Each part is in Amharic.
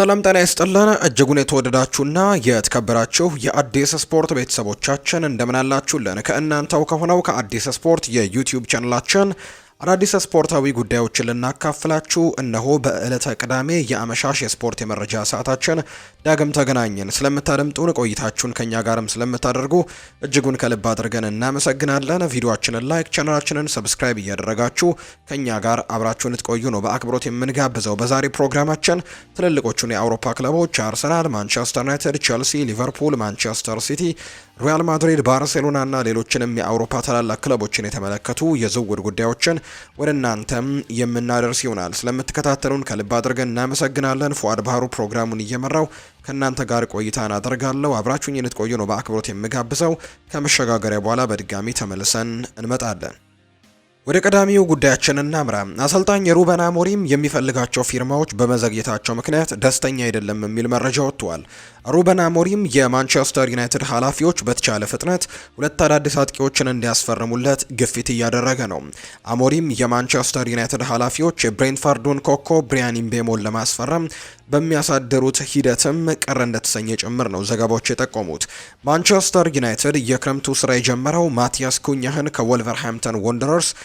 ሰላም ጤና ይስጥልን እጅጉን የተወደዳችሁና የተከበራችሁ የአዲስ ስፖርት ቤተሰቦቻችን እንደምን ከእናንተው ከሆነው ከአዲስ ስፖርት የዩቲዩብ ቻናላችን አዳዲስ ስፖርታዊ ጉዳዮችን ልናካፍላችሁ እነሆ በዕለተ ቅዳሜ የአመሻሽ የስፖርት የመረጃ ሰዓታችን ዳግም ተገናኘን። ስለምታደምጡን ቆይታችሁን ከእኛ ጋርም ስለምታደርጉ እጅጉን ከልብ አድርገን እናመሰግናለን። ቪዲዮችንን ላይክ፣ ቻናላችንን ሰብስክራይብ እያደረጋችሁ ከእኛ ጋር አብራችሁን ልትቆዩ ነው በአክብሮት የምንጋብዘው። በዛሬ ፕሮግራማችን ትልልቆቹን የአውሮፓ ክለቦች አርሰናል፣ ማንቸስተር ዩናይትድ፣ ቸልሲ፣ ሊቨርፑል፣ ማንቸስተር ሲቲ ሪያል ማድሪድ፣ ባርሴሎና እና ሌሎችንም የአውሮፓ ታላላቅ ክለቦችን የተመለከቱ የዝውውር ጉዳዮችን ወደ እናንተም የምናደርስ ይሆናል። ስለምትከታተሉን ከልብ አድርገን እናመሰግናለን። ፉአድ ባህሩ ፕሮግራሙን እየመራው ከእናንተ ጋር ቆይታን አደርጋለሁ። አብራችሁኝ ልትቆዩ ነው በአክብሮት የምጋብዘው። ከመሸጋገሪያ በኋላ በድጋሚ ተመልሰን እንመጣለን። ወደ ቀዳሚው ጉዳያችን እናምራ። አሰልጣኝ ሩበን አሞሪም የሚፈልጋቸው ፊርማዎች በመዘግየታቸው ምክንያት ደስተኛ አይደለም የሚል መረጃ ወጥቷል። ሩበን አሞሪም የማንቸስተር ዩናይትድ ኃላፊዎች በተቻለ ፍጥነት ሁለት አዳዲስ አጥቂዎችን እንዲያስፈርሙለት ግፊት እያደረገ ነው። አሞሪም የማንቸስተር ዩናይትድ ኃላፊዎች የብሬንትፋርዱን ኮኮ ብሪያን ምቤሞን ለማስፈረም በሚያሳድሩት ሂደትም ቅር እንደተሰኘ ጭምር ነው ዘገባዎች የጠቆሙት። ማንቸስተር ዩናይትድ የክረምቱ ስራ የጀመረው ማቲያስ ኩኛህን ከወልቨርሃምተን ወንደረርስ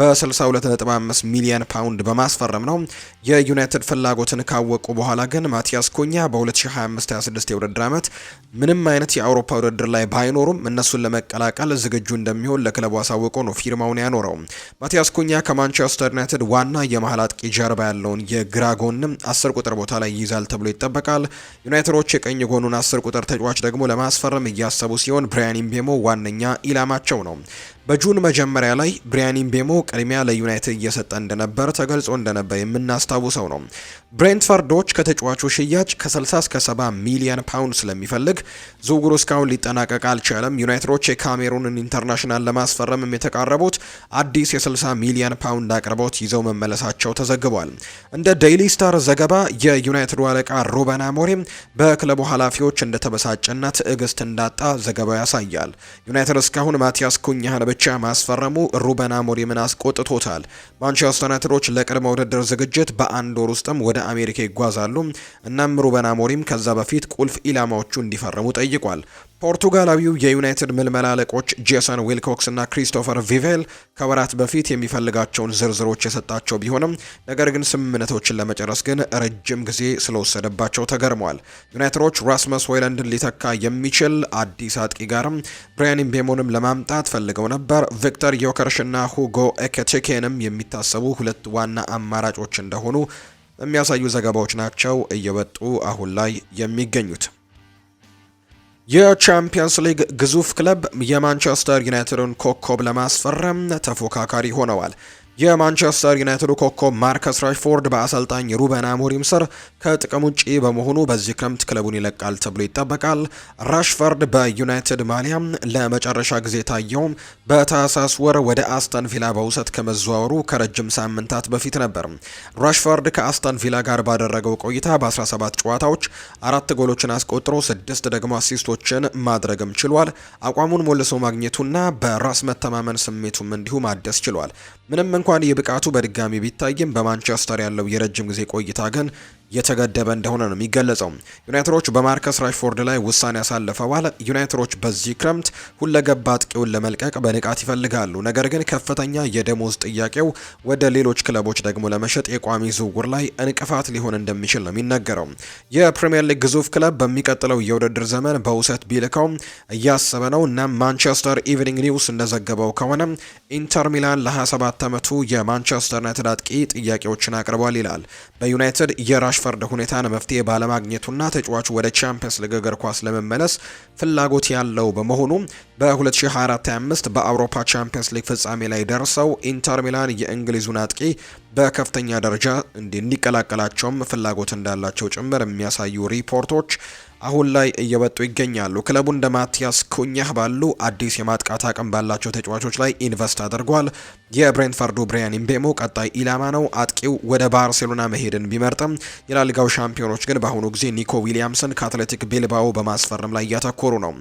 በ62.5 ሚሊዮን ፓውንድ በማስፈረም ነው። የዩናይትድ ፍላጎትን ካወቁ በኋላ ግን ማቲያስ ኩኛ በ2025/26 የውድድር ዓመት ምንም አይነት የአውሮፓ ውድድር ላይ ባይኖሩም እነሱን ለመቀላቀል ዝግጁ እንደሚሆን ለክለቡ አሳውቆ ነው ፊርማውን ያኖረው። ማቲያስ ኩኛ ከማንቸስተር ዩናይትድ ዋና የመሀል አጥቂ ጀርባ ያለውን የግራ ጎንም አስር ቁጥር ቦታ ላይ ይይዛል ተብሎ ይጠበቃል። ዩናይትዶች የቀኝ ጎኑን አስር ቁጥር ተጫዋች ደግሞ ለማስፈረም እያሰቡ ሲሆን ብሪያን ኢምቤሞ ዋነኛ ኢላማቸው ነው። በጁን መጀመሪያ ላይ ብሪያን ኢምቤሞ ቅድሚያ ለዩናይትድ እየሰጠ እንደነበር ተገልጾ እንደነበር የምናስታውሰው ነው። ብሬንትፈርዶች ከተጫዋቹ ሽያጭ ከ60 እስከ 70 ሚሊዮን ፓውንድ ስለሚፈልግ ዝውውሩ እስካሁን ሊጠናቀቅ አልቻለም። ዩናይትዶች የካሜሩንን ኢንተርናሽናል ለማስፈረምም የተቃረቡት አዲስ የ60 ሚሊዮን ፓውንድ አቅርቦት ይዘው መመለሳቸው ተዘግቧል። እንደ ዴይሊ ስታር ዘገባ የዩናይትዱ አለቃ ሩበን አሞሪም በክለቡ ኃላፊዎች እንደተበሳጨና ትዕግስት እንዳጣ ዘገባው ያሳያል። ዩናይትድ እስካሁን ማቲያስ ኩኛህን ብቻ ማስፈረሙ ሩበን አሞሪምን አስቆጥቶታል። ማንቸስተር ዩናይትዶች ለቅድመ ውድድር ዝግጅት በአንድ ወር ውስጥም ወደ አሜሪካ ይጓዛሉ። እናም ሩበን አሞሪም ከዛ በፊት ቁልፍ ኢላማዎቹ እንዲፈርሙ ጠይቋል። ፖርቱጋላዊው የዩናይትድ ምልመላ አለቆች ጄሰን ዊልኮክስ እና ክሪስቶፈር ቪቬል ከወራት በፊት የሚፈልጋቸውን ዝርዝሮች የሰጣቸው ቢሆንም ነገር ግን ስምምነቶችን ለመጨረስ ግን ረጅም ጊዜ ስለወሰደባቸው ተገርመዋል። ዩናይትዶች ራስመስ ሆይለንድን ሊተካ የሚችል አዲስ አጥቂ ጋርም ብሪያን ምቤሞንም ለማምጣት ፈልገው ነበር። ቪክተር ዮከርሽ እና ሁጎ ኤኬቲኬንም የሚታሰቡ ሁለት ዋና አማራጮች እንደሆኑ የሚያሳዩ ዘገባዎች ናቸው እየወጡ አሁን ላይ የሚገኙት። የቻምፒየንስ ሊግ ግዙፍ ክለብ የማንቸስተር ዩናይትድን ኮከብ ለማስፈረም ተፎካካሪ ሆነዋል። የማንቸስተር ዩናይትዱ ኮከብ ማርከስ ራሽፎርድ በአሰልጣኝ ሩበን አሞሪም ስር ከጥቅም ውጪ በመሆኑ በዚህ ክረምት ክለቡን ይለቃል ተብሎ ይጠበቃል። ራሽፎርድ በዩናይትድ ማሊያም ለመጨረሻ ጊዜ ታየውም በታህሳስ ወር ወደ አስተን ቪላ በውሰት ከመዘዋወሩ ከረጅም ሳምንታት በፊት ነበር። ራሽፎርድ ከአስተን ቪላ ጋር ባደረገው ቆይታ በ17 ጨዋታዎች አራት ጎሎችን አስቆጥሮ ስድስት ደግሞ አሲስቶችን ማድረግም ችሏል። አቋሙን ሞልሶ ማግኘቱና በራስ መተማመን ስሜቱም እንዲሁ ማደስ ችሏል። ምንም እንኳ እንኳን ይህ ብቃቱ በድጋሚ ቢታይም በማንቸስተር ያለው የረጅም ጊዜ ቆይታ ግን የተገደበ እንደሆነ ነው የሚገለጸው። ዩናይትዶች በማርከስ ራሽፎርድ ላይ ውሳኔ ያሳለፈዋል። ዩናይትዶች በዚህ ክረምት ሁለገባ አጥቂውን ለመልቀቅ በንቃት ይፈልጋሉ። ነገር ግን ከፍተኛ የደሞዝ ጥያቄው ወደ ሌሎች ክለቦች ደግሞ ለመሸጥ የቋሚ ዝውውር ላይ እንቅፋት ሊሆን እንደሚችል ነው የሚነገረው። የፕሪምየር ሊግ ግዙፍ ክለብ በሚቀጥለው የውድድር ዘመን በውሰት ቢልከው እያሰበ ነው እና ማንቸስተር ኢቭኒንግ ኒውስ እንደዘገበው ከሆነ ኢንተር ሚላን ለ27 ዓመቱ የማንቸስተር ዩናይትድ አጥቂ ጥያቄዎችን አቅርቧል ይላል። በዩናይትድ የራሽ የራሽፈርድ ሁኔታን መፍትሄ ባለማግኘቱና ተጫዋቹ ወደ ቻምፒየንስ ሊግ እግር ኳስ ለመመለስ ፍላጎት ያለው በመሆኑ በ2024/25 በአውሮፓ ቻምፒየንስ ሊግ ፍጻሜ ላይ ደርሰው ኢንተር ሚላን የእንግሊዙን አጥቂ በከፍተኛ ደረጃ እንዲቀላቀላቸውም ፍላጎት እንዳላቸው ጭምር የሚያሳዩ ሪፖርቶች አሁን ላይ እየወጡ ይገኛሉ። ክለቡ እንደ ማቲያስ ኩኛህ ባሉ አዲስ የማጥቃት አቅም ባላቸው ተጫዋቾች ላይ ኢንቨስት አድርጓል። የብሬንትፈርዱ ብሪያን ኢምቤሞ ቀጣይ ኢላማ ነው። አጥቂው ወደ ባርሴሎና መሄድን ቢመርጥም የላሊጋው ሻምፒዮኖች ግን በአሁኑ ጊዜ ኒኮ ዊሊያምስን ከአትሌቲክ ቢልባኦ በማስፈረም ላይ እያተኮሩ ነው።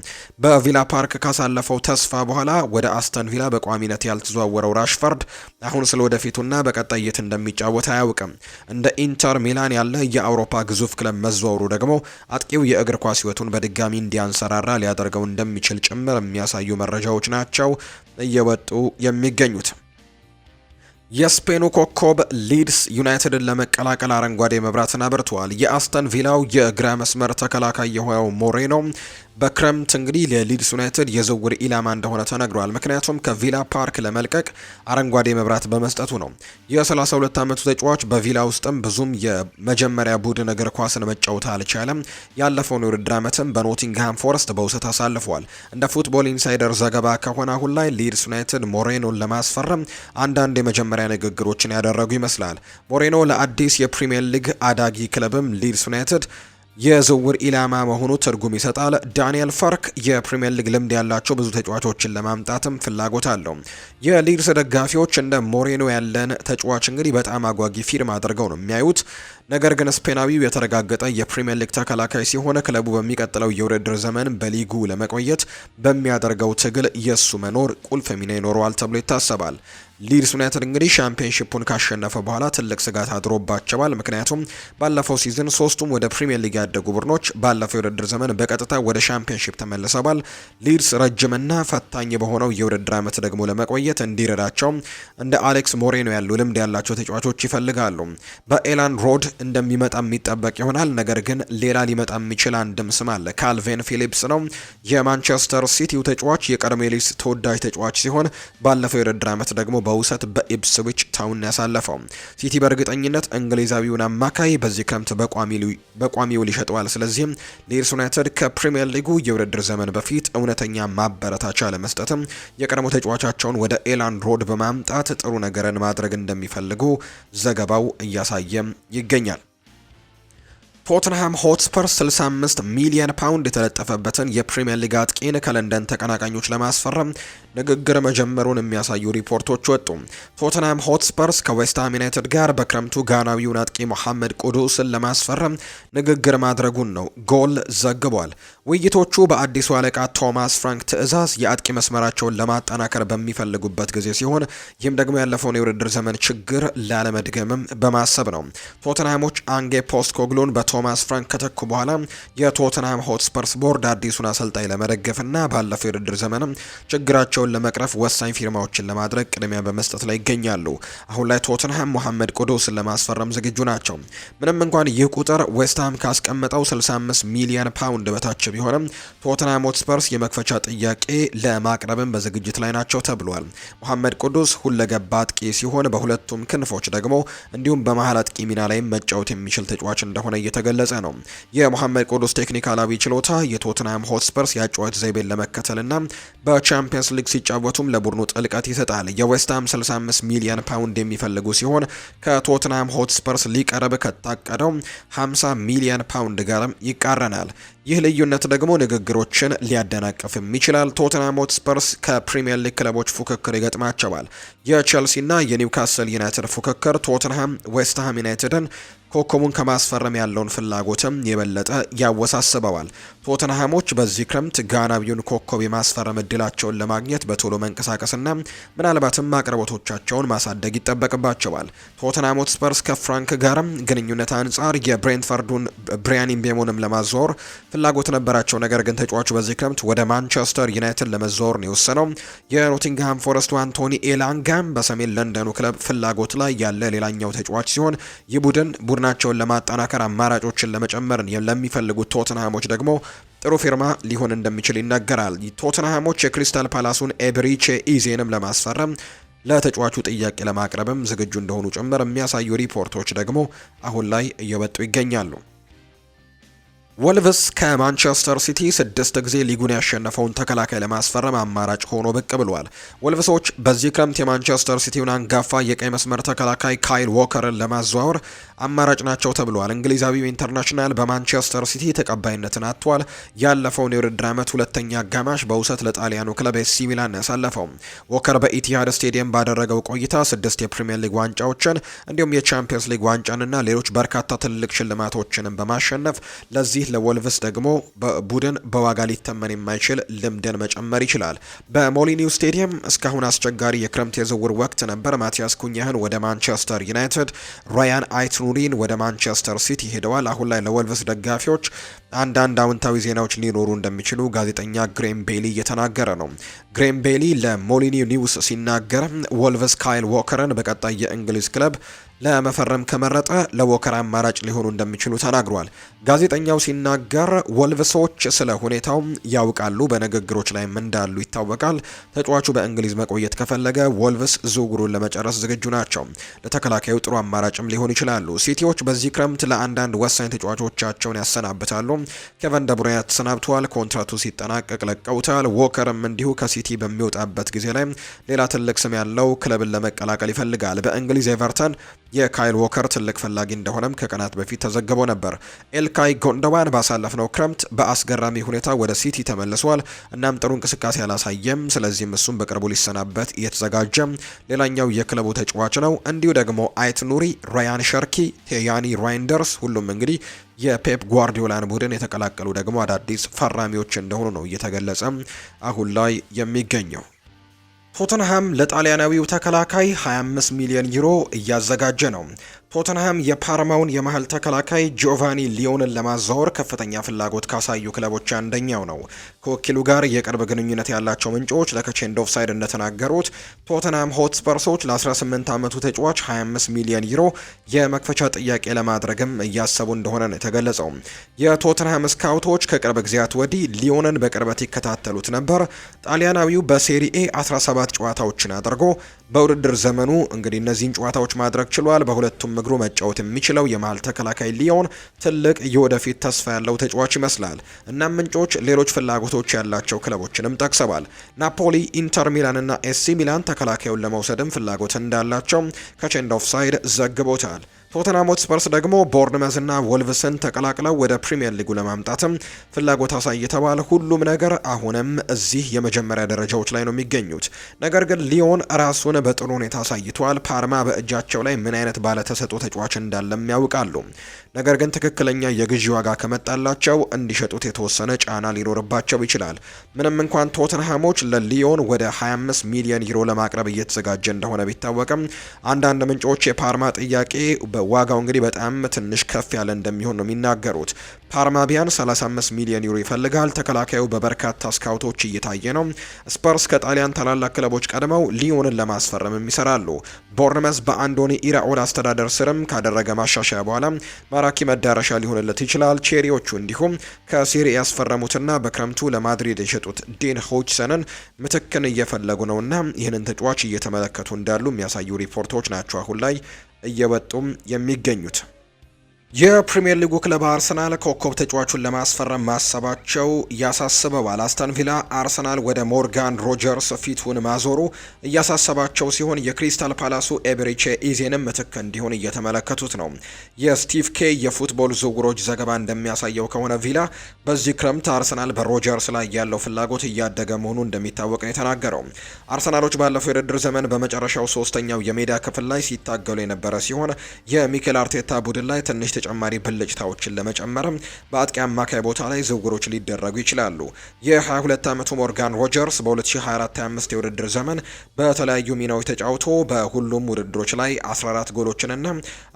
በቪላ ፓርክ ካሳለፈው ተስፋ በኋላ ወደ አስተን ቪላ በቋሚነት ያልተዘዋወረው ራሽፈርድ አሁን ስለ ወደፊቱና በቀጣይ እንደሚጫወት አያውቅም። እንደ ኢንተር ሚላን ያለ የአውሮፓ ግዙፍ ክለብ መዘዋወሩ ደግሞ አጥቂው የእግር ኳስ ሕይወቱን በድጋሚ እንዲያንሰራራ ሊያደርገው እንደሚችል ጭምር የሚያሳዩ መረጃዎች ናቸው እየወጡ የሚገኙት። የስፔኑ ኮከብ ሊድስ ዩናይትድን ለመቀላቀል አረንጓዴ መብራትን አብርተዋል። የአስተን ቪላው የግራ መስመር ተከላካይ የሆነው ሞሬኖ በክረምት እንግዲህ ለሊድስ ዩናይትድ የዝውውር ኢላማ እንደሆነ ተነግሯል። ምክንያቱም ከቪላ ፓርክ ለመልቀቅ አረንጓዴ መብራት በመስጠቱ ነው። የ32 ዓመቱ ተጫዋች በቪላ ውስጥም ብዙም የመጀመሪያ ቡድን እግር ኳስን መጫወት አልቻለም። ያለፈውን የውድድር ዓመትም በኖቲንግሃም ፎረስት በውሰት አሳልፏል። እንደ ፉትቦል ኢንሳይደር ዘገባ ከሆነ አሁን ላይ ሊድስ ዩናይትድ ሞሬኖን ለማስፈረም አንዳንድ የመጀመሪያ ንግግሮችን ያደረጉ ይመስላል። ሞሬኖ ለአዲስ የፕሪምየር ሊግ አዳጊ ክለብም ሊድስ ዩናይትድ የዝውውር ኢላማ መሆኑ ትርጉም ይሰጣል። ዳንኤል ፋርክ የፕሪምየር ሊግ ልምድ ያላቸው ብዙ ተጫዋቾችን ለማምጣትም ፍላጎት አለው። የሊድስ ደጋፊዎች እንደ ሞሬኖ ያለን ተጫዋች እንግዲህ በጣም አጓጊ ፊርማ አድርገው ነው የሚያዩት። ነገር ግን ስፔናዊው የተረጋገጠ የፕሪምየር ሊግ ተከላካይ ሲሆን ክለቡ በሚቀጥለው የውድድር ዘመን በሊጉ ለመቆየት በሚያደርገው ትግል የእሱ መኖር ቁልፍ ሚና ይኖረዋል ተብሎ ይታሰባል። ሊድስ ዩናይትድ እንግዲህ ሻምፒዮንሺፑን ካሸነፈ በኋላ ትልቅ ስጋት አድሮባቸዋል። ምክንያቱም ባለፈው ሲዝን ሶስቱም ወደ ፕሪምየር ሊግ ያደጉ ቡድኖች ባለፈው የውድድር ዘመን በቀጥታ ወደ ሻምፒዮንሺፕ ተመልሰዋል። ሊድስ ረጅምና ፈታኝ በሆነው የውድድር ዓመት ደግሞ ለመቆየት እንዲረዳቸው እንደ አሌክስ ሞሬኖ ያሉ ልምድ ያላቸው ተጫዋቾች ይፈልጋሉ። በኤላን ሮድ እንደሚመጣ የሚጠበቅ ይሆናል። ነገር ግን ሌላ ሊመጣ የሚችል አንድም ስም አለ። ካልቬን ፊሊፕስ ነው የማንቸስተር ሲቲው ተጫዋች የቀድሞ ተወዳጅ ተጫዋች ሲሆን ባለፈው የውድድር ዓመት ደግሞ በውሰት በኢፕስዊች ታውን ያሳለፈው። ሲቲ በእርግጠኝነት እንግሊዛዊውን አማካይ በዚህ ክረምት በቋሚው ሊሸጠዋል። ስለዚህም ሊድስ ዩናይትድ ከፕሪምየር ሊጉ የውድድር ዘመን በፊት እውነተኛ ማበረታቻ ለመስጠትም የቀድሞ ተጫዋቻቸውን ወደ ኤላንድ ሮድ በማምጣት ጥሩ ነገርን ማድረግ እንደሚፈልጉ ዘገባው እያሳየ ይገኛል። ቶትንሃም ሆትስፐር 65 ሚሊየን ፓውንድ የተለጠፈበትን የፕሪምየር ሊግ አጥቂን ከለንደን ተቀናቃኞች ለማስፈረም ንግግር መጀመሩን የሚያሳዩ ሪፖርቶች ወጡ። ቶትንሃም ሆትስፐርስ ከዌስትሃም ዩናይትድ ጋር በክረምቱ ጋናዊውን አጥቂ መሐመድ ቁዱስን ለማስፈረም ንግግር ማድረጉን ነው ጎል ዘግቧል። ውይይቶቹ በአዲሱ አለቃ ቶማስ ፍራንክ ትዕዛዝ የአጥቂ መስመራቸውን ለማጠናከር በሚፈልጉበት ጊዜ ሲሆን ይህም ደግሞ ያለፈውን የውድድር ዘመን ችግር ላለመድገምም በማሰብ ነው። ቶትንሃሞች አንጌ ፖስት ኮግሎን በቶ ቶማስ ፍራንክ ከተኩ በኋላ የቶትንሃም ሆትስፐርስ ቦርድ አዲሱን አሰልጣኝ ለመደገፍና ባለፈው የውድድር ዘመንም ችግራቸውን ለመቅረፍ ወሳኝ ፊርማዎችን ለማድረግ ቅድሚያ በመስጠት ላይ ይገኛሉ። አሁን ላይ ቶተንሃም ሞሐመድ ቁዱስን ለማስፈረም ዝግጁ ናቸው። ምንም እንኳን ይህ ቁጥር ዌስትሃም ካስቀመጠው 65 ሚሊዮን ፓውንድ በታች ቢሆንም ቶትንሃም ሆትስፐርስ የመክፈቻ ጥያቄ ለማቅረብም በዝግጅት ላይ ናቸው ተብሏል። ሞሐመድ ቁዱስ ሁለገባ አጥቂ ሲሆን በሁለቱም ክንፎች ደግሞ እንዲሁም በመሀል አጥቂ ሚና ላይም መጫወት የሚችል ተጫዋች እንደሆነ እየተ እየተገለጸ ነው። የሞሐመድ ቅዱስ ቴክኒካላዊ ችሎታ የቶትናም ሆትስፐርስ የአጨዋወት ዘይቤን ለመከተልና በቻምፒየንስ ሊግ ሲጫወቱም ለቡድኑ ጥልቀት ይሰጣል። የዌስትሃም 65 ሚሊዮን ፓውንድ የሚፈልጉ ሲሆን ከቶትናም ሆትስፐርስ ሊቀረብ ከታቀደው 50 ሚሊዮን ፓውንድ ጋርም ይቃረናል። ይህ ልዩነት ደግሞ ንግግሮችን ሊያደናቅፍም ይችላል። ቶትናም ሆትስፐርስ ከፕሪምየር ሊግ ክለቦች ፉክክር ይገጥማቸዋል። የቼልሲና የኒውካስል ዩናይትድ ፉክክር ቶትንሃም ዌስትሃም ዩናይትድን ኮከቡን ከማስፈረም ያለውን ፍላጎትም የበለጠ ያወሳስበዋል። ቶተንሃሞች በዚህ ክረምት ጋናቢውን ኮከብ የማስፈረም እድላቸውን ለማግኘት በቶሎ መንቀሳቀስና ምናልባትም አቅርቦቶቻቸውን ማሳደግ ይጠበቅባቸዋል። ቶተንሃም ሆትስፐርስ ከፍራንክ ጋርም ግንኙነት አንጻር የብሬንትፈርዱን ብሪያን ምቤሞንም ለማዘወር ፍላጎት ነበራቸው። ነገር ግን ተጫዋቹ በዚህ ክረምት ወደ ማንቸስተር ዩናይትድ ለመዘወር ነው የወሰነው። የኖቲንግሃም ፎረስቱ አንቶኒ ኤላንጋም በሰሜን ለንደኑ ክለብ ፍላጎት ላይ ያለ ሌላኛው ተጫዋች ሲሆን ይህ ቡድን ቡድናቸውን ለማጠናከር አማራጮችን ለመጨመር ለሚፈልጉት ቶትንሃሞች ደግሞ ጥሩ ፊርማ ሊሆን እንደሚችል ይነገራል። ቶትንሃሞች የክሪስታል ፓላሱን ኤብሪቼ ኢዜንም ለማስፈረም ለተጫዋቹ ጥያቄ ለማቅረብም ዝግጁ እንደሆኑ ጭምር የሚያሳዩ ሪፖርቶች ደግሞ አሁን ላይ እየወጡ ይገኛሉ። ወልቭስ ከማንቸስተር ሲቲ ስድስት ጊዜ ሊጉን ያሸነፈውን ተከላካይ ለማስፈረም አማራጭ ሆኖ ብቅ ብሏል። ወልቭሶች በዚህ ክረምት የማንቸስተር ሲቲውን አንጋፋ የቀይ መስመር ተከላካይ ካይል ዎከርን ለማዘዋወር አማራጭ ናቸው ተብሏል። እንግሊዛዊው ኢንተርናሽናል በማንቸስተር ሲቲ ተቀባይነትን አጥቷል። ያለፈውን የውድድር ዓመት ሁለተኛ አጋማሽ በውሰት ለጣሊያኑ ክለብ ኤሲ ሚላን ያሳለፈው ዎከር በኢቲሃድ ስቴዲየም ባደረገው ቆይታ ስድስት የፕሪምየር ሊግ ዋንጫዎችን እንዲሁም የቻምፒየንስ ሊግ ዋንጫንና ሌሎች በርካታ ትልልቅ ሽልማቶችንም በማሸነፍ ለዚህ ለወልቭስ ደግሞ ቡድን በዋጋ ሊተመን የማይችል ልምድን መጨመር ይችላል። በሞሊኒው ስቴዲየም እስካሁን አስቸጋሪ የክረምት የዝውውር ወቅት ነበር። ማቲያስ ኩኛህን ወደ ማንቸስተር ዩናይትድ፣ ራያን አይትኑሪን ወደ ማንቸስተር ሲቲ ሄደዋል። አሁን ላይ ለወልቭስ ደጋፊዎች አንዳንድ አውንታዊ ዜናዎች ሊኖሩ እንደሚችሉ ጋዜጠኛ ግሬም ቤሊ እየተናገረ ነው። ግሬም ቤሊ ለሞሊኒው ኒውስ ሲናገር ወልቭስ ካይል ዎከርን በቀጣይ የእንግሊዝ ክለብ ለመፈረም ከመረጠ ለዎከር አማራጭ ሊሆኑ እንደሚችሉ ተናግሯል። ጋዜጠኛው ሲናገር ወልቭሶች ስለ ሁኔታው ያውቃሉ፣ በንግግሮች ላይም እንዳሉ ይታወቃል። ተጫዋቹ በእንግሊዝ መቆየት ከፈለገ ወልቭስ ዝውውሩን ለመጨረስ ዝግጁ ናቸው። ለተከላካዩ ጥሩ አማራጭም ሊሆኑ ይችላሉ። ሲቲዎች በዚህ ክረምት ለአንዳንድ ወሳኝ ተጫዋቾቻቸውን ያሰናብታሉ። ኬቨን ደብሩይነ ተሰናብተዋል። ኮንትራቱ ሲጠናቀቅ ለቀውታል። ዎከርም እንዲሁ ከሲቲ በሚወጣበት ጊዜ ላይ ሌላ ትልቅ ስም ያለው ክለብን ለመቀላቀል ይፈልጋል። በእንግሊዝ ኤቨርተን የካይል ዎከር ትልቅ ፈላጊ እንደሆነም ከቀናት በፊት ተዘግቦ ነበር። ኤልካይ ጎንደዋን ባሳለፍነው ክረምት በአስገራሚ ሁኔታ ወደ ሲቲ ተመልሷል። እናም ጥሩ እንቅስቃሴ አላሳየም። ስለዚህም እሱም በቅርቡ ሊሰናበት እየተዘጋጀም ሌላኛው የክለቡ ተጫዋች ነው። እንዲሁ ደግሞ አይት ኑሪ፣ ራያን ሸርኪ፣ ቴያኒ ራይንደርስ ሁሉም እንግዲህ የፔፕ ጓርዲዮላን ቡድን የተቀላቀሉ ደግሞ አዳዲስ ፈራሚዎች እንደሆኑ ነው እየተገለጸ አሁን ላይ የሚገኘው። ቶተንሃም ለጣሊያናዊው ተከላካይ 25 ሚሊዮን ዩሮ እያዘጋጀ ነው። ቶተንሃም የፓርማውን የመሀል ተከላካይ ጂኦቫኒ ሊዮንን ለማዛወር ከፍተኛ ፍላጎት ካሳዩ ክለቦች አንደኛው ነው። ከወኪሉ ጋር የቅርብ ግንኙነት ያላቸው ምንጮች ለከቼንድ ኦፍሳይድ እንደተናገሩት ቶተንሃም ሆትስፐርሶች ለ18 ዓመቱ ተጫዋች 25 ሚሊዮን ዩሮ የመክፈቻ ጥያቄ ለማድረግም እያሰቡ እንደሆነ ነው የተገለጸው። የቶተንሃም ስካውቶች ከቅርብ ጊዜያት ወዲህ ሊዮንን በቅርበት ይከታተሉት ነበር። ጣሊያናዊው በሴሪኤ 17 ጨዋታዎችን አድርጎ በውድድር ዘመኑ እንግዲህ እነዚህን ጨዋታዎች ማድረግ ችሏል። በሁለቱም እግሩ መጫወት የሚችለው የመሀል ተከላካይ ሊዮን ትልቅ የወደፊት ተስፋ ያለው ተጫዋች ይመስላል። እናም ምንጮች ሌሎች ፍላጎቶች ያላቸው ክለቦችንም ጠቅሰዋል። ናፖሊ፣ ኢንተር ሚላንና ኤሲ ሚላን ተከላካዩን ለመውሰድም ፍላጎት እንዳላቸው ከቼንድ ኦፍ ሳይድ ዘግቦታል። ቶተናም ሆትስፐርስ ደግሞ ቦርንመዝና ወልቭስን ተቀላቅለው ወደ ፕሪምየር ሊጉ ለማምጣትም ፍላጎት አሳይተዋል። ሁሉም ነገር አሁንም እዚህ የመጀመሪያ ደረጃዎች ላይ ነው የሚገኙት። ነገር ግን ሊዮን ራሱን በጥሩ ሁኔታ አሳይቷል። ፓርማ በእጃቸው ላይ ምን አይነት ባለተሰጦ ተጫዋች እንዳለም ያውቃሉ። ነገር ግን ትክክለኛ የግዢ ዋጋ ከመጣላቸው እንዲሸጡት የተወሰነ ጫና ሊኖርባቸው ይችላል። ምንም እንኳን ቶተንሃሞች ለሊዮን ወደ 25 ሚሊዮን ዩሮ ለማቅረብ እየተዘጋጀ እንደሆነ ቢታወቅም አንዳንድ ምንጮች የፓርማ ጥያቄ በዋጋው እንግዲህ በጣም ትንሽ ከፍ ያለ እንደሚሆን ነው የሚናገሩት። ፓርማ ቢያን 35 ሚሊዮን ዩሮ ይፈልጋል። ተከላካዩ በበርካታ ስካውቶች እየታየ ነው። ስፐርስ ከጣሊያን ታላላቅ ክለቦች ቀድመው ሊዮንን ለማስፈረምም ይሰራሉ። ቦርነመስ በአንዶኒ ኢራኦል አስተዳደር ስርም ካደረገ ማሻሻያ በኋላ ማራኪ መዳረሻ ሊሆንለት ይችላል። ቼሪዎቹ እንዲሁም ከሴሪ ያስፈረሙትና በክረምቱ ለማድሪድ የሸጡት ዴን ሆችሰንን ምትክን እየፈለጉ ነውና ይህንን ተጫዋች እየተመለከቱ እንዳሉ የሚያሳዩ ሪፖርቶች ናቸው አሁን ላይ እየወጡም የሚገኙት። የፕሪምየር ሊጉ ክለብ አርሰናል ኮከብ ተጫዋቹን ለማስፈረም ማሰባቸው እያሳስበዋል። አስተን ቪላ አርሰናል ወደ ሞርጋን ሮጀርስ ፊቱን ማዞሩ እያሳሰባቸው ሲሆን የክሪስታል ፓላሱ ኤቤሬቺ ኢዜንም ምትክ እንዲሆን እየተመለከቱት ነው። የስቲቭ ኬ የፉትቦል ዝውውሮች ዘገባ እንደሚያሳየው ከሆነ ቪላ በዚህ ክረምት አርሰናል በሮጀርስ ላይ ያለው ፍላጎት እያደገ መሆኑ እንደሚታወቅ ነው የተናገረው። አርሰናሎች ባለፈው የውድድር ዘመን በመጨረሻው ሶስተኛው የሜዳ ክፍል ላይ ሲታገሉ የነበረ ሲሆን የሚኬል አርቴታ ቡድን ላይ ትንሽ ተጨማሪ ብልጭታዎችን ለመጨመርም በአጥቂ አማካይ ቦታ ላይ ዝውውሮች ሊደረጉ ይችላሉ። የ22 ዓመቱ ሞርጋን ሮጀርስ በ2024/25 የውድድር ዘመን በተለያዩ ሚናዎች ተጫውቶ በሁሉም ውድድሮች ላይ 14 ጎሎችንና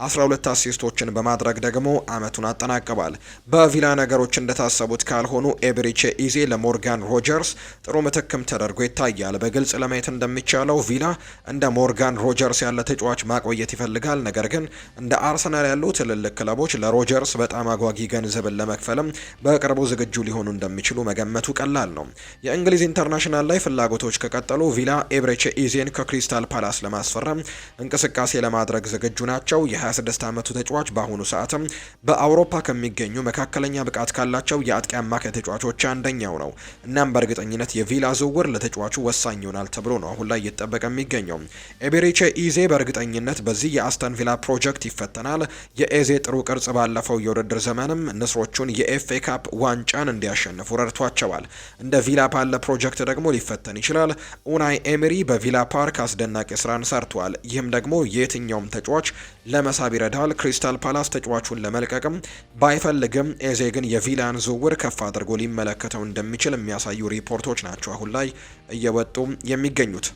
12 አሲስቶችን በማድረግ ደግሞ አመቱን አጠናቅቧል። በቪላ ነገሮች እንደታሰቡት ካልሆኑ ኤብሪቼ ኢዜ ለሞርጋን ሮጀርስ ጥሩ ምትክም ተደርጎ ይታያል። በግልጽ ለማየት እንደሚቻለው ቪላ እንደ ሞርጋን ሮጀርስ ያለ ተጫዋች ማቆየት ይፈልጋል። ነገር ግን እንደ አርሰናል ያሉ ትልልቅ ክለቦች ለሮጀርስ በጣም አጓጊ ገንዘብን ለመክፈልም በቅርቡ ዝግጁ ሊሆኑ እንደሚችሉ መገመቱ ቀላል ነው። የእንግሊዝ ኢንተርናሽናል ላይ ፍላጎቶች ከቀጠሉ ቪላ ኤብሬቼ ኢዜን ከክሪስታል ፓላስ ለማስፈረም እንቅስቃሴ ለማድረግ ዝግጁ ናቸው። የ26 ዓመቱ ተጫዋች በአሁኑ ሰዓትም በአውሮፓ ከሚገኙ መካከለኛ ብቃት ካላቸው የአጥቂ አማካይ ተጫዋቾች አንደኛው ነው። እናም በእርግጠኝነት የቪላ ዝውውር ለተጫዋቹ ወሳኝ ይሆናል ተብሎ ነው አሁን ላይ እየተጠበቀ የሚገኘው። ኤቤሬቼ ኢዜ በእርግጠኝነት በዚህ የአስተን ቪላ ፕሮጀክት ይፈተናል። የኤዜ ጥሩ ቅርጽ ባለፈው የውድድር ዘመንም ንስሮቹን የኤፍኤ ካፕ ዋንጫን እንዲያሸንፉ ረድቷቸዋል። እንደ ቪላ ፓለ ፕሮጀክት ደግሞ ሊፈተን ይችላል። ኡናይ ኤሚሪ በቪላ ፓርክ አስደናቂ ስራን ሰርቷል። ይህም ደግሞ የትኛውም ተጫዋች ለመሳብ ይረዳል። ክሪስታል ፓላስ ተጫዋቹን ለመልቀቅም ባይፈልግም ኤዜ ግን የቪላን ዝውውር ከፍ አድርጎ ሊመለከተው እንደሚችል የሚያሳዩ ሪፖርቶች ናቸው አሁን ላይ እየወጡ የሚገኙት።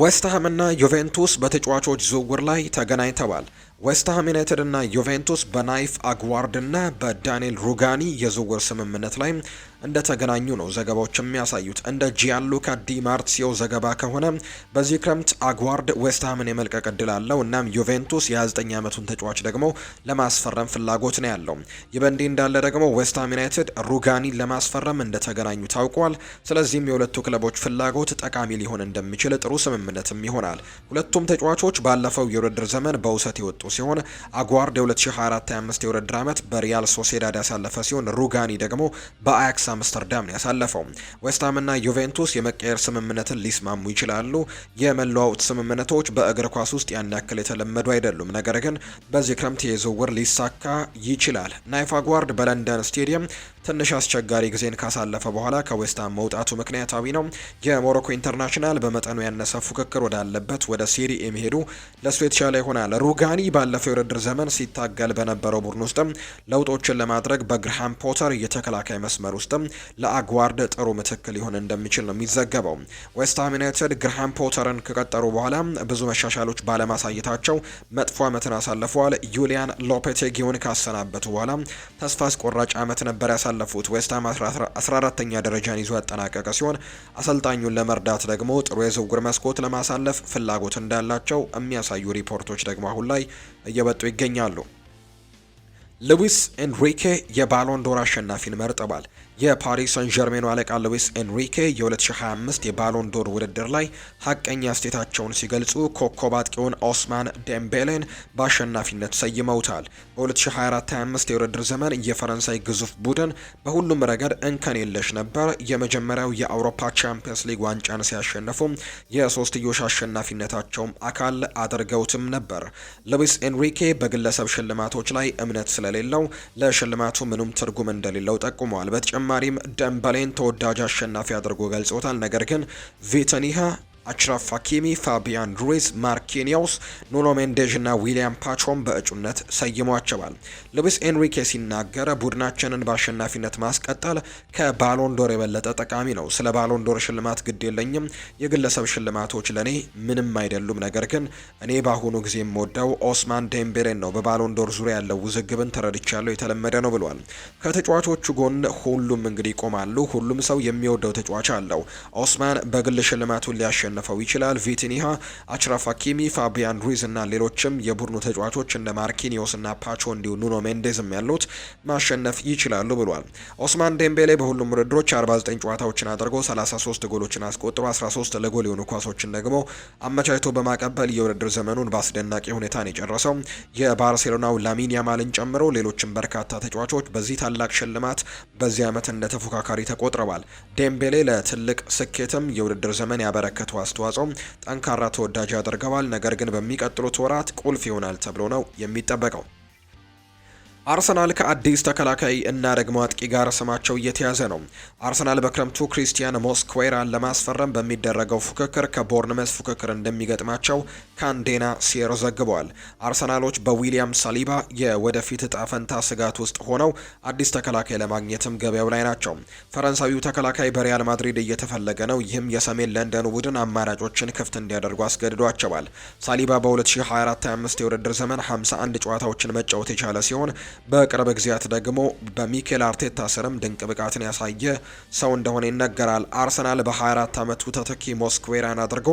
ዌስትሃም እና ዩቬንቱስ በተጫዋቾች ዝውውር ላይ ተገናኝተዋል። ዌስትሃም ዩናይትድ እና ዩቬንቱስ በናይፍ አግዋርድ እና በዳንኤል ሩጋኒ የዝውውር ስምምነት ላይ እንደተገናኙ ነው ዘገባዎች የሚያሳዩት። እንደ ጂያንሉካ ዲ ማርሲዮ ዘገባ ከሆነ በዚህ ክረምት አግዋርድ ዌስትሃምን የመልቀቅ እድል አለው። እናም ዩቬንቱስ የ29 ዓመቱን ተጫዋች ደግሞ ለማስፈረም ፍላጎት ነው ያለው። ይህ በእንዲህ እንዳለ ደግሞ ዌስትሃም ዩናይትድ ሩጋኒን ለማስፈረም እንደተገናኙ ታውቋል። ስለዚህም የሁለቱ ክለቦች ፍላጎት ጠቃሚ ሊሆን እንደሚችል ጥሩ ስምምነትም ይሆናል። ሁለቱም ተጫዋቾች ባለፈው የውድድር ዘመን በውሰት የወጡ ሲሆን አጓርድ የ2024/25 የውድድር ዓመት በሪያል ሶሴዳድ ያሳለፈ ሲሆን ሩጋኒ ደግሞ በአያክስ አምስተርዳም ያሳለፈው። ዌስትሃምና ዩቬንቱስ የመቀየር ስምምነትን ሊስማሙ ይችላሉ። የመለዋወጥ ስምምነቶች በእግር ኳስ ውስጥ ያን ያክል የተለመዱ አይደሉም። ነገር ግን በዚህ ክረምት የዝውውር ሊሳካ ይችላል። ናይፋ ጓርድ በለንደን ስቴዲየም ትንሽ አስቸጋሪ ጊዜን ካሳለፈ በኋላ ከዌስትሃም መውጣቱ ምክንያታዊ ነው። የሞሮኮ ኢንተርናሽናል በመጠኑ ያነሰ ፉክክር ወዳለበት ወደ ሲሪ የሚሄዱ ለእሱ የተሻለ ይሆናል። ሩጋኒ ባለፈው የውድድር ዘመን ሲታገል በነበረው ቡድን ውስጥም ለውጦችን ለማድረግ በግርሃም ፖተር የተከላካይ መስመር ውስጥም ለአግዋርድ ጥሩ ምትክል ሊሆን እንደሚችል ነው የሚዘገበው። ዌስትሃም ዩናይትድ ግርሃም ፖተርን ከቀጠሩ በኋላ ብዙ መሻሻሎች ባለማሳየታቸው መጥፎ ዓመትን አሳልፈዋል። ዩሊያን ሎፔቴጊውን ካሰናበቱ በኋላ ተስፋ አስቆራጭ ዓመት ነበር ያሳል ባለፉት ዌስትሃም 14ተኛ ደረጃን ይዞ ያጠናቀቀ ሲሆን አሰልጣኙን ለመርዳት ደግሞ ጥሩ የዝውውር መስኮት ለማሳለፍ ፍላጎት እንዳላቸው የሚያሳዩ ሪፖርቶች ደግሞ አሁን ላይ እየበጡ ይገኛሉ። ሉዊስ ኤንሪኬ የባሎንዶር አሸናፊን መርጠዋል። የፓሪስ ሰን ዠርሜኑ አለቃ ሉዊስ ኤንሪኬ የ2025 የባሎን ዶር ውድድር ላይ ሀቀኛ ስቴታቸውን ሲገልጹ ኮከብ አጥቂውን ኦስማን ዴምቤሌን በአሸናፊነት ሰይመውታል። በ2024/25 የውድድር ዘመን የፈረንሳይ ግዙፍ ቡድን በሁሉም ረገድ እንከን የለሽ ነበር። የመጀመሪያው የአውሮፓ ቻምፒየንስ ሊግ ዋንጫን ሲያሸንፉም የሶስትዮሽ አሸናፊነታቸውም አካል አድርገውትም ነበር። ሉዊስ ኤንሪኬ በግለሰብ ሽልማቶች ላይ እምነት ስለሌለው ለሽልማቱ ምንም ትርጉም እንደሌለው ጠቁመዋል። በተጨማሪም ደምበሌን ተወዳጅ አሸናፊ አድርጎ ገልጾታል። ነገር ግን ቪተኒሃ አችራፍ ሀኪሚ፣ ፋቢያን ሩይዝ፣ ማርኪኒዮስ፣ ኑኖ ሜንዴዥ እና ዊሊያም ፓቾም በእጩነት ሰይሟቸዋል። ሉዊስ ኤንሪኬ ሲናገረ ቡድናችንን በአሸናፊነት ማስቀጠል ከባሎንዶር የበለጠ ጠቃሚ ነው። ስለ ባሎንዶር ሽልማት ግድ የለኝም። የግለሰብ ሽልማቶች ለእኔ ምንም አይደሉም። ነገር ግን እኔ በአሁኑ ጊዜ የምወደው ኦስማን ዴምቤሬን ነው። በባሎንዶር ዙሪያ ያለው ውዝግብን ተረድቻለሁ። የተለመደ ነው ብሏል። ከተጫዋቾቹ ጎን ሁሉም እንግዲህ ይቆማሉ። ሁሉም ሰው የሚወደው ተጫዋች አለው። ኦስማን በግል ሽልማቱን ሊያሸንፍ ሊያሸንፈው ይችላል። ቪቲኒሃ፣ አችራፍ ሀኪሚ፣ ፋቢያን ሩይዝ እና ሌሎችም የቡድኑ ተጫዋቾች እንደ ማርኪኒዮስ እና ፓቾ እንዲሁ ኑኖ ሜንዴዝም ያሉት ማሸነፍ ይችላሉ ብሏል። ኦስማን ዴምቤሌ በሁሉም ውድድሮች 49 ጨዋታዎችን አድርጎ 33 ጎሎችን አስቆጥሮ 13 ለጎል የሆኑ ኳሶችን ደግሞ አመቻችቶ በማቀበል የውድድር ዘመኑን በአስደናቂ ሁኔታ ነው የጨረሰው። የባርሴሎናው ላሚን ያማልን ጨምሮ ሌሎችም በርካታ ተጫዋቾች በዚህ ታላቅ ሽልማት በዚህ ዓመት እንደ ተፎካካሪ ተቆጥረዋል። ዴምቤሌ ለትልቅ ስኬትም የውድድር ዘመን ያበረከቱ አስተዋጽኦም ጠንካራ ተወዳጅ ያደርገዋል። ነገር ግን በሚቀጥሉት ወራት ቁልፍ ይሆናል ተብሎ ነው የሚጠበቀው። አርሰናል ከአዲስ ተከላካይ እና ደግሞ አጥቂ ጋር ስማቸው እየተያዘ ነው። አርሰናል በክረምቱ ክሪስቲያን ሞስኩዌራን ለማስፈረም በሚደረገው ፉክክር ከቦርንመስ ፉክክር እንደሚገጥማቸው ካንዴና ሴር ዘግበዋል። አርሰናሎች በዊሊያም ሳሊባ የወደፊት እጣ ፈንታ ስጋት ውስጥ ሆነው አዲስ ተከላካይ ለማግኘትም ገበያው ላይ ናቸው። ፈረንሳዊው ተከላካይ በሪያል ማድሪድ እየተፈለገ ነው። ይህም የሰሜን ለንደን ቡድን አማራጮችን ክፍት እንዲያደርጉ አስገድዷቸዋል። ሳሊባ በ2024/25 የውድድር ዘመን 51 ጨዋታዎችን መጫወት የቻለ ሲሆን በቅርብ ጊዜያት ደግሞ በሚኬል አርቴታ ስርም ድንቅ ብቃትን ያሳየ ሰው እንደሆነ ይነገራል። አርሰናል በ24 ዓመቱ ተተኪ ሞስኩዌራን አድርጎ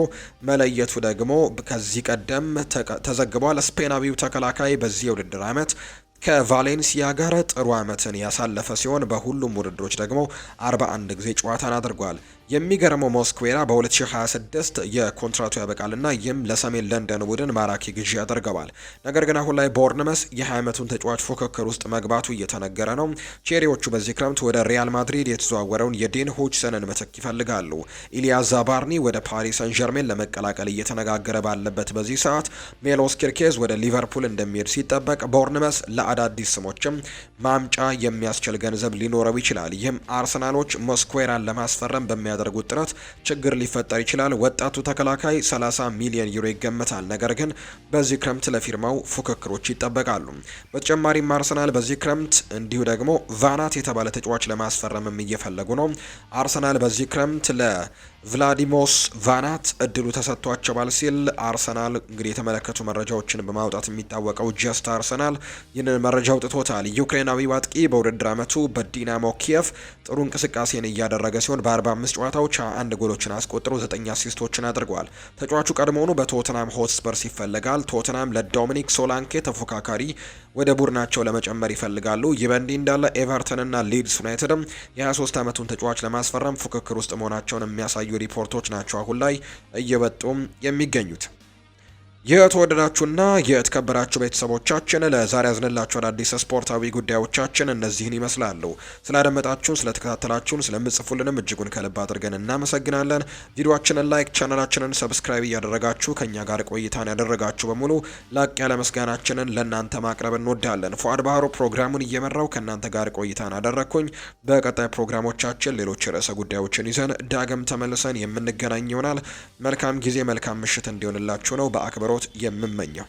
መለየቱ ደግሞ ከዚህ ቀደም ተዘግቧል። ስፔናዊው ተከላካይ በዚህ የውድድር ዓመት ከቫሌንሲያ ጋር ጥሩ ዓመትን ያሳለፈ ሲሆን በሁሉም ውድድሮች ደግሞ 41 ጊዜ ጨዋታን አድርጓል። የሚገርመው ሞስኩዌራ በ2026 የኮንትራቱ ያበቃልና ይህም ለሰሜን ለንደን ቡድን ማራኪ ግዢ ያደርገዋል። ነገር ግን አሁን ላይ ቦርንመስ የ20 ዓመቱን ተጫዋች ፉክክር ውስጥ መግባቱ እየተነገረ ነው። ቼሪዎቹ በዚህ ክረምት ወደ ሪያል ማድሪድ የተዘዋወረውን የዴን ሆችሰንን ምትክ ይፈልጋሉ። ኢሊያ ዛባርኒ ወደ ፓሪስ ሰን ዠርሜን ለመቀላቀል እየተነጋገረ ባለበት በዚህ ሰዓት ሜሎስ ኪርኬዝ ወደ ሊቨርፑል እንደሚሄድ ሲጠበቅ፣ ቦርንመስ ለአዳዲስ ስሞችም ማምጫ የሚያስችል ገንዘብ ሊኖረው ይችላል። ይህም አርሰናሎች ሞስኩዌራን ለማስፈረም በሚያደ በሚያደርጉት ጥረት ችግር ሊፈጠር ይችላል። ወጣቱ ተከላካይ 30 ሚሊዮን ዩሮ ይገመታል። ነገር ግን በዚህ ክረምት ለፊርማው ፉክክሮች ይጠበቃሉ። በተጨማሪም አርሰናል በዚህ ክረምት እንዲሁ ደግሞ ቫናት የተባለ ተጫዋች ለማስፈረምም እየፈለጉ ነው። አርሰናል በዚህ ክረምት ለ ቭላዲሞስ ቫናት እድሉ ተሰጥቷቸዋል ሲል አርሰናል እንግዲህ የተመለከቱ መረጃዎችን በማውጣት የሚታወቀው ጀስት አርሰናል ይህንን መረጃ አውጥቶታል። ዩክሬናዊ አጥቂ በውድድር ዓመቱ በዲናሞ ኪየቭ ጥሩ እንቅስቃሴን እያደረገ ሲሆን በ45 ጨዋታዎች አንድ ጎሎችን አስቆጥሮ ዘጠኝ አሲስቶችን አድርጓል። ተጫዋቹ ቀድሞውኑ በቶትናም ሆትስፐርስ ይፈለጋል። ቶትናም ለዶሚኒክ ሶላንኬ ተፎካካሪ ወደ ቡድናቸው ለመጨመር ይፈልጋሉ። ይህ በእንዲህ እንዳለ ኤቨርተንና ሊድስ ዩናይትድም የ23 ዓመቱን ተጫዋች ለማስፈረም ፉክክር ውስጥ መሆናቸውን የሚያሳዩ ሪፖርቶች ናቸው አሁን ላይ እየወጡም የሚገኙት። የተወደዳችሁና የተከበራችሁ ቤተሰቦቻችን ለዛሬ ያዝንላችሁ አዳዲስ ስፖርታዊ ጉዳዮቻችን እነዚህን ይመስላሉ። ስላደመጣችሁን፣ ስለተከታተላችሁን፣ ስለምጽፉልንም እጅጉን ከልብ አድርገን እናመሰግናለን። ቪዲዮችንን ላይክ፣ ቻናላችንን ሰብስክራይብ እያደረጋችሁ ከእኛ ጋር ቆይታን ያደረጋችሁ በሙሉ ላቅ ያለ ምስጋናችንን ለእናንተ ማቅረብ እንወዳለን። ፉአድ ባህሩ ፕሮግራሙን እየመራው ከእናንተ ጋር ቆይታን አደረግኩኝ። በቀጣይ ፕሮግራሞቻችን ሌሎች ርዕሰ ጉዳዮችን ይዘን ዳግም ተመልሰን የምንገናኝ ይሆናል። መልካም ጊዜ፣ መልካም ምሽት እንዲሆንላችሁ ነው በአክብሮ አክብሮት የምመኘው።